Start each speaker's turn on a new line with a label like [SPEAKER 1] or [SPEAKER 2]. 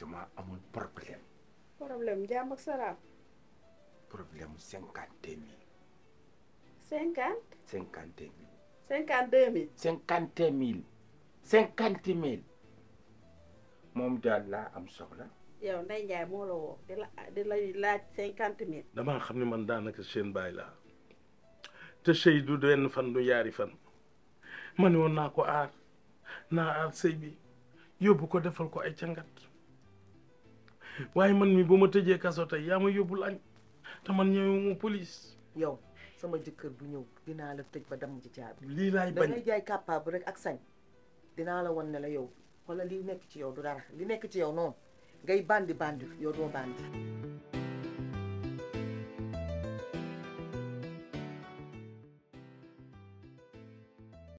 [SPEAKER 1] jama amul problem
[SPEAKER 2] problème jam ak problem
[SPEAKER 1] problème cinquante mille
[SPEAKER 2] cinquante
[SPEAKER 1] cinquante mille
[SPEAKER 2] cinquante
[SPEAKER 3] deux mille
[SPEAKER 1] cinquante mille cinquante mille moom am soxla
[SPEAKER 3] yow ya, nday nday mo la wo di la di la 50000
[SPEAKER 4] dama xamni damaa xam ne man daanaka seen baay laa te seydou du fan du yari fan man won nako ar ko ar sey bi yóbbu defal ko ay cangat waaye man mii ba ma tëjee kaso tey yaa ma yóbbul añ te man ñëwee mu police.
[SPEAKER 5] yow sama jëkkër bu ñëw dinaa la tëj ba dam ci caabi. lii laay bañ da ngay jaay capable rek ak sañ dinaa la won ne la yow wala li nekk ci yow du dara li nekk ci yow noonu ngay bandi bandi yow doo bandi.